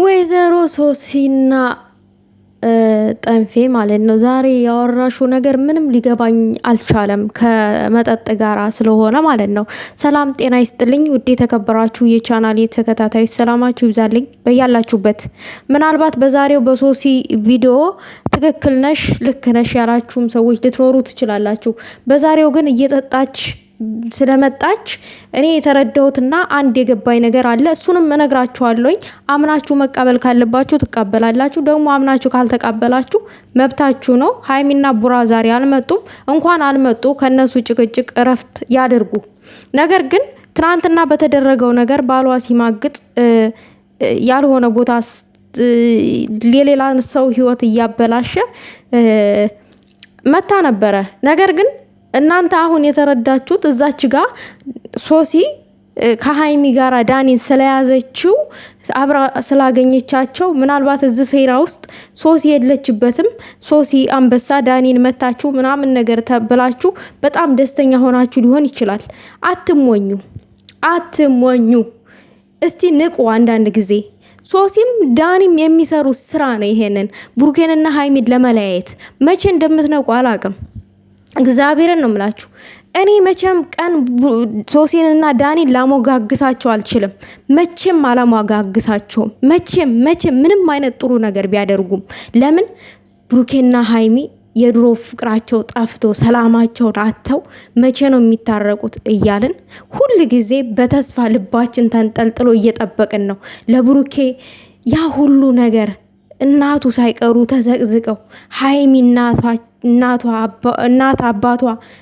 ወይዘሮ ሶሲና ጠንፌ ማለት ነው። ዛሬ ያወራሹ ነገር ምንም ሊገባኝ አልቻለም፣ ከመጠጥ ጋራ ስለሆነ ማለት ነው። ሰላም ጤና ይስጥልኝ ውድ የተከበራችሁ የቻናል የተከታታዮች ሰላማችሁ ይብዛልኝ በያላችሁበት። ምናልባት በዛሬው በሶሲ ቪዲዮ ትክክል ነሽ፣ ልክ ነሽ ያላችሁም ሰዎች ልትኖሩ ትችላላችሁ። በዛሬው ግን እየጠጣች ስለመጣች እኔ የተረዳሁትና አንድ የገባኝ ነገር አለ። እሱንም እነግራችኋለሁኝ። አምናችሁ መቀበል ካለባችሁ ትቀበላላችሁ። ደግሞ አምናችሁ ካልተቀበላችሁ መብታችሁ ነው። ሀይሚና ቡራ ዛሬ አልመጡም። እንኳን አልመጡ ከእነሱ ጭቅጭቅ እረፍት ያደርጉ። ነገር ግን ትናንትና በተደረገው ነገር ባሏ ሲማግጥ ያልሆነ ቦታ የሌላ ሰው ህይወት እያበላሸ መታ ነበረ ነገር ግን እናንተ አሁን የተረዳችሁት እዛች ጋር ሶሲ ከሀይሚ ጋር ዳኒን ስለያዘችው አብራ ስላገኘቻቸው ምናልባት እዚህ ሴራ ውስጥ ሶሲ የለችበትም። ሶሲ አንበሳ ዳኒን መታችሁ ምናምን ነገር ተብላችሁ በጣም ደስተኛ ሆናችሁ ሊሆን ይችላል። አትሞኙ፣ አትሞኙ። እስቲ ንቁ። አንዳንድ ጊዜ ሶሲም ዳኒም የሚሰሩት ስራ ነው። ይሄንን ብሩኬንና ሀይሚን ለመለያየት መቼ እንደምትነቁ አላቅም። እግዚአብሔርን ነው የምላችሁ። እኔ መቼም ቀን ሶሴንና ዳኒን ላሞጋግሳቸው አልችልም። መቼም አላሞጋግሳቸውም። መቼም መቼም ምንም አይነት ጥሩ ነገር ቢያደርጉም ለምን ብሩኬና ሀይሚ የድሮ ፍቅራቸው ጠፍቶ ሰላማቸውን አጥተው መቼ ነው የሚታረቁት እያልን ሁል ጊዜ በተስፋ ልባችን ተንጠልጥሎ እየጠበቅን ነው። ለብሩኬ ያ ሁሉ ነገር እናቱ ሳይቀሩ ተዘቅዝቀው ሀይሚ እናሳቸው እናት አባቷ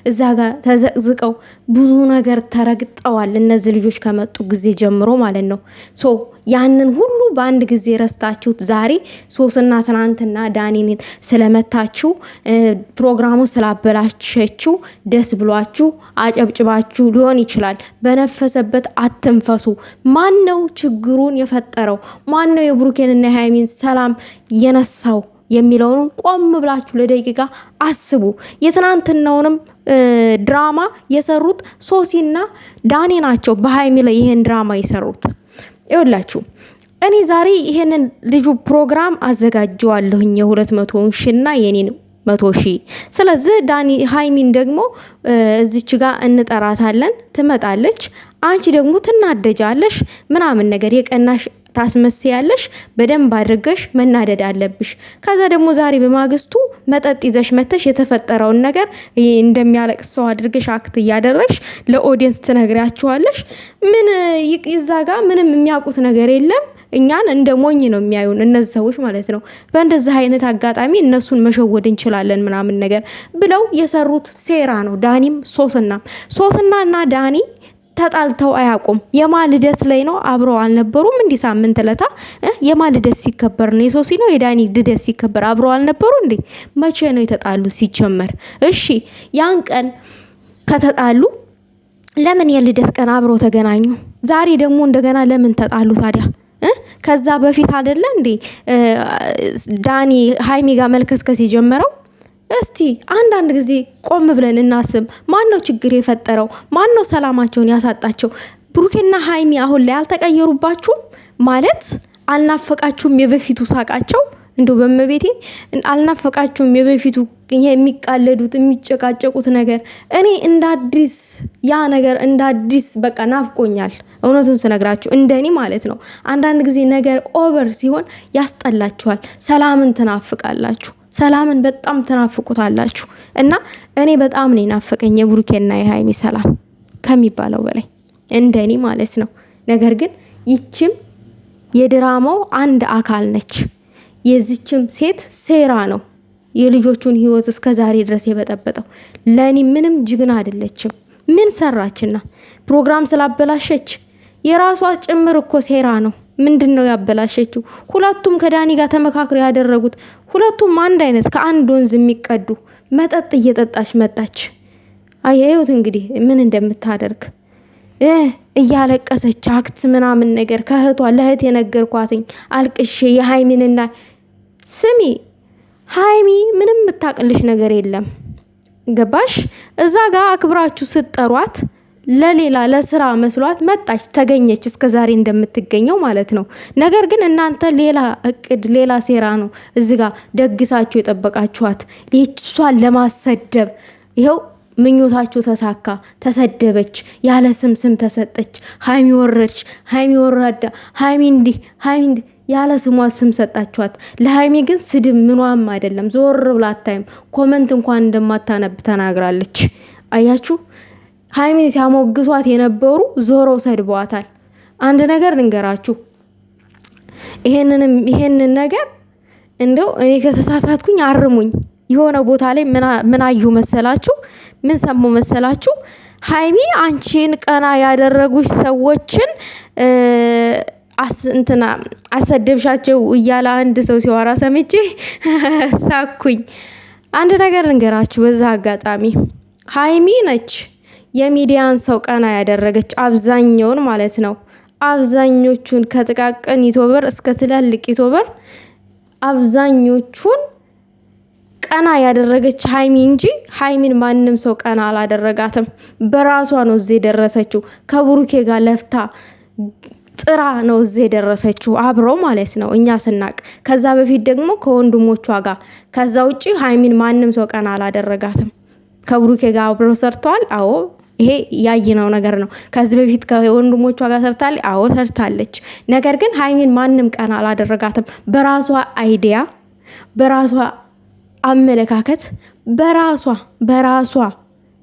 እዛ ጋር ተዘቅዝቀው ብዙ ነገር ተረግጠዋል። እነዚህ ልጆች ከመጡ ጊዜ ጀምሮ ማለት ነው። ሶ ያንን ሁሉ በአንድ ጊዜ ረስታችሁት ዛሬ ሶስና ትናንትና ዳኒን ስለመታችሁ ፕሮግራሙን ስላበላሸችው ደስ ብሏችሁ አጨብጭባችሁ ሊሆን ይችላል። በነፈሰበት አትንፈሱ። ማን ነው ችግሩን የፈጠረው? ማን ነው የብሩኬንና የሃይሚን ሰላም የነሳው? የሚለውን ቆም ብላችሁ ለደቂቃ አስቡ። የትናንትናውንም ድራማ የሰሩት ሶሲና ዳኔ ናቸው። በሀይሚ ላይ ይሄን ድራማ የሰሩት ይወላችሁ። እኔ ዛሬ ይሄንን ልጁ ፕሮግራም አዘጋጀዋለሁኝ የሁለት መቶ ሺና የኔን መቶ ሺ ስለዚህ ዳኒ ሀይሚን ደግሞ እዚች ጋር እንጠራታለን፣ ትመጣለች። አንቺ ደግሞ ትናደጃለሽ ምናምን ነገር የቀናሽ ታስመስያለሽ። በደንብ አድርገሽ መናደድ አለብሽ። ከዛ ደግሞ ዛሬ በማግስቱ መጠጥ ይዘሽ መተሽ የተፈጠረውን ነገር እንደሚያለቅስ ሰው አድርገሽ አክት እያደረግሽ ለኦዲየንስ ትነግሪያችኋለሽ። ምን ይዛ ጋር ምንም የሚያውቁት ነገር የለም። እኛን እንደ ሞኝ ነው የሚያዩን እነዚህ ሰዎች ማለት ነው። በእንደዚህ አይነት አጋጣሚ እነሱን መሸወድ እንችላለን ምናምን ነገር ብለው የሰሩት ሴራ ነው። ዳኒም ሶስና ሶስና እና ዳኒ ተጣልተው አያውቁም። የማ ልደት ላይ ነው አብረው አልነበሩም? እንዲህ ሳምንት ለታ የማ ልደት ሲከበር ነው የሶሲ ነው የዳኒ ልደት ሲከበር አብረው አልነበሩ እንዴ? መቼ ነው የተጣሉ ሲጀመር? እሺ ያን ቀን ከተጣሉ ለምን የልደት ቀን አብረው ተገናኙ? ዛሬ ደግሞ እንደገና ለምን ተጣሉ ታዲያ? ከዛ በፊት አይደለ እንዴ ዳኒ ሀይሚ ጋር መልከስከስ የጀመረው? እስቲ አንዳንድ ጊዜ ቆም ብለን እናስብ። ማን ነው ችግር የፈጠረው? ማን ነው ሰላማቸውን ያሳጣቸው? ብሩኬና ሀይሚ አሁን ላይ አልተቀየሩባችሁም ማለት አልናፈቃችሁም? የበፊቱ ሳቃቸው እንዲሁ በመቤቴ አልናፈቃችሁም? የበፊቱ የሚቃለዱት የሚጨቃጨቁት ነገር እኔ እንደ አዲስ ያ ነገር እንደ አዲስ በቃ ናፍቆኛል። እውነቱን ስነግራችሁ እንደኔ ማለት ነው። አንዳንድ ጊዜ ነገር ኦቨር ሲሆን ያስጠላችኋል፣ ሰላምን ትናፍቃላችሁ። ሰላምን በጣም ትናፍቁታላችሁ እና እኔ በጣም ነው የናፈቀኝ የብሩኬና የሀይሚ ሰላም ከሚባለው በላይ እንደኔ ማለት ነው። ነገር ግን ይችም የድራማው አንድ አካል ነች። የዚችም ሴት ሴራ ነው የልጆቹን ህይወት እስከ ዛሬ ድረስ የበጠበጠው። ለእኔ ምንም ጅግና አይደለችም። ምን ሰራችና ፕሮግራም ስላበላሸች የራሷ ጭምር እኮ ሴራ ነው። ምንድን ነው ያበላሸችው? ሁለቱም ከዳኒ ጋር ተመካክረው ያደረጉት ሁለቱም አንድ አይነት ከአንድ ወንዝ የሚቀዱ መጠጥ እየጠጣች መጣች። አየሁት እንግዲህ ምን እንደምታደርግ እያለቀሰች አክት ምናምን ነገር ከእህቷ ለእህት የነገርኳትኝ አልቅሽ የሀይሚንና ስሚ ሀይሚ ምንም የምታቅልሽ ነገር የለም ገባሽ? እዛ ጋር አክብራችሁ ስትጠሯት ለሌላ ለስራ መስሏት መጣች፣ ተገኘች እስከ ዛሬ እንደምትገኘው ማለት ነው። ነገር ግን እናንተ ሌላ እቅድ፣ ሌላ ሴራ ነው እዚ ጋ ደግሳችሁ የጠበቃችኋት እሷን ለማሰደብ ይኸው ምኞታችሁ ተሳካ። ተሰደበች፣ ያለ ስም ስም ተሰጠች። ሀይሚ ወረች፣ ሀይሚ ወራዳ፣ ሀይሚ እንዲህ፣ ሀይሚ እንዲህ ያለ ስሟ ስም ሰጣችኋት። ለሀይሚ ግን ስድብ ምኗም አይደለም። ዞር ብላ አታይም። ኮመንት እንኳን እንደማታነብ ተናግራለች። አያችሁ። ሀይሚን ሲያሞግሷት የነበሩ ዞሮ ሰድበዋታል። አንድ ነገር ልንገራችሁ፣ ይሄንን ነገር እንደው እኔ ከተሳሳትኩኝ አርሙኝ። የሆነ ቦታ ላይ ምን አዩ መሰላችሁ? ምን ሰሙ መሰላችሁ? ሀይሚ አንቺን ቀና ያደረጉች ሰዎችን እንትና አሰደብሻቸው እያለ አንድ ሰው ሲወራ ሰምቼ ሳኩኝ። አንድ ነገር ልንገራችሁ በዛ አጋጣሚ ሀይሚ ነች የሚዲያን ሰው ቀና ያደረገች አብዛኛውን ማለት ነው። አብዛኞቹን ከጥቃቅን ዩቱበር እስከ ትላልቅ ዩቱበር አብዛኞቹን ቀና ያደረገች ሀይሚ እንጂ ሀይሚን ማንም ሰው ቀና አላደረጋትም። በራሷ ነው እዚህ የደረሰችው። ከብሩኬ ጋር ለፍታ ጥራ ነው እዚህ የደረሰችው፣ አብረው ማለት ነው እኛ ስናቅ። ከዛ በፊት ደግሞ ከወንድሞቿ ጋር። ከዛ ውጭ ሀይሚን ማንም ሰው ቀና አላደረጋትም። ከብሩኬ ጋር አብረው ሰርተዋል። አዎ ይሄ ያየነው ነገር ነው። ከዚህ በፊት ከወንድሞቿ ጋር ሰርታለች። አዎ ሰርታለች። ነገር ግን ሀይሚን ማንም ቀና አላደረጋትም። በራሷ አይዲያ፣ በራሷ አመለካከት፣ በራሷ በራሷ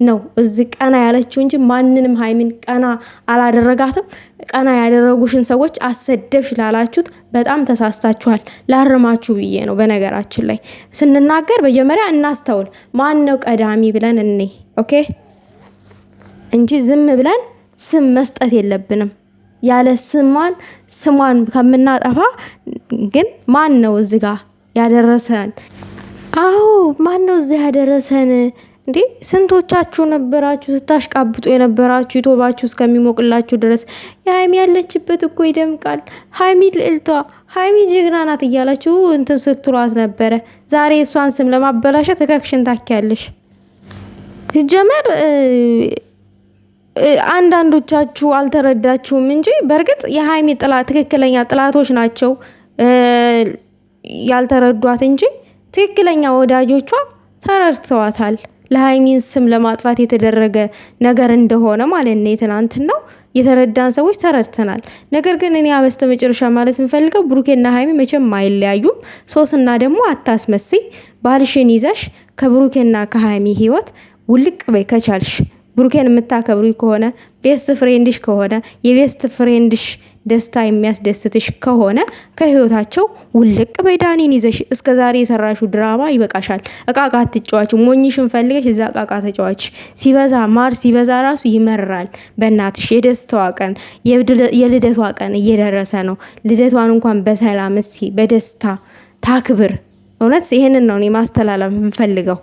ነው እዚህ ቀና ያለችው እንጂ ማንንም ሀይሚን ቀና አላደረጋትም። ቀና ያደረጉሽን ሰዎች አሰደብሽ ላላችሁት በጣም ተሳስታችኋል። ላርማችሁ ብዬ ነው። በነገራችን ላይ ስንናገር መጀመሪያ እናስተውል። ማን ነው ቀዳሚ ብለን እኔ ኦኬ እንጂ ዝም ብለን ስም መስጠት የለብንም። ያለ ስሟን ስሟን ከምናጠፋ ግን ማን ነው እዚህ ጋ ያደረሰን? አዎ ማን ነው እዚህ ያደረሰን? እንዴ ስንቶቻችሁ ነበራችሁ ስታሽቃብጡ የነበራችሁ ቶባችሁ እስከሚሞቅላችሁ ድረስ የሀይሚ ያለችበት እኮ ይደምቃል፣ ሀይሚ ልዕልቷ፣ ሀይሚ ጀግና ናት እያላችሁ እንትን ስትሏት ነበረ። ዛሬ እሷን ስም ለማበላሸት ተከክሽን ታኪያለሽ ሲጀመር አንዳንዶቻችሁ አልተረዳችሁም እንጂ በእርግጥ የሀይሚ ትክክለኛ ጥላቶች ናቸው ያልተረዷት እንጂ ትክክለኛ ወዳጆቿ ተረድተዋታል። ለሀይሚን ስም ለማጥፋት የተደረገ ነገር እንደሆነ ማለት ነው። የትናንትናው የተረዳን ሰዎች ተረድተናል። ነገር ግን እኔ በስተ መጨረሻ ማለት የምፈልገው ብሩኬና ሀይሚ መቼም አይለያዩም። ሶስና ደግሞ አታስመስይ። ባልሽን ይዘሽ ከብሩኬና ከሀይሚ ህይወት ውልቅ በይ ከቻልሽ ብሩኬን የምታከብሩ ከሆነ ቤስት ፍሬንድሽ ከሆነ የቤስት ፍሬንድሽ ደስታ የሚያስደስትሽ ከሆነ ከህይወታቸው ውልቅ በዳኒን ይዘሽ እስከ ዛሬ የሰራሹ ድራማ ይበቃሻል። እቃቃ ትጫዋች ሞኝሽን ፈልገሽ እዛ እቃቃ ተጫዋች። ሲበዛ ማር ሲበዛ ራሱ ይመራል። በእናትሽ የደስታዋ ቀን የልደቷ ቀን እየደረሰ ነው። ልደቷን እንኳን በሰላም እስኪ በደስታ ታክብር። እውነት ይህንን ነው እኔ ማስተላለፍ የምፈልገው።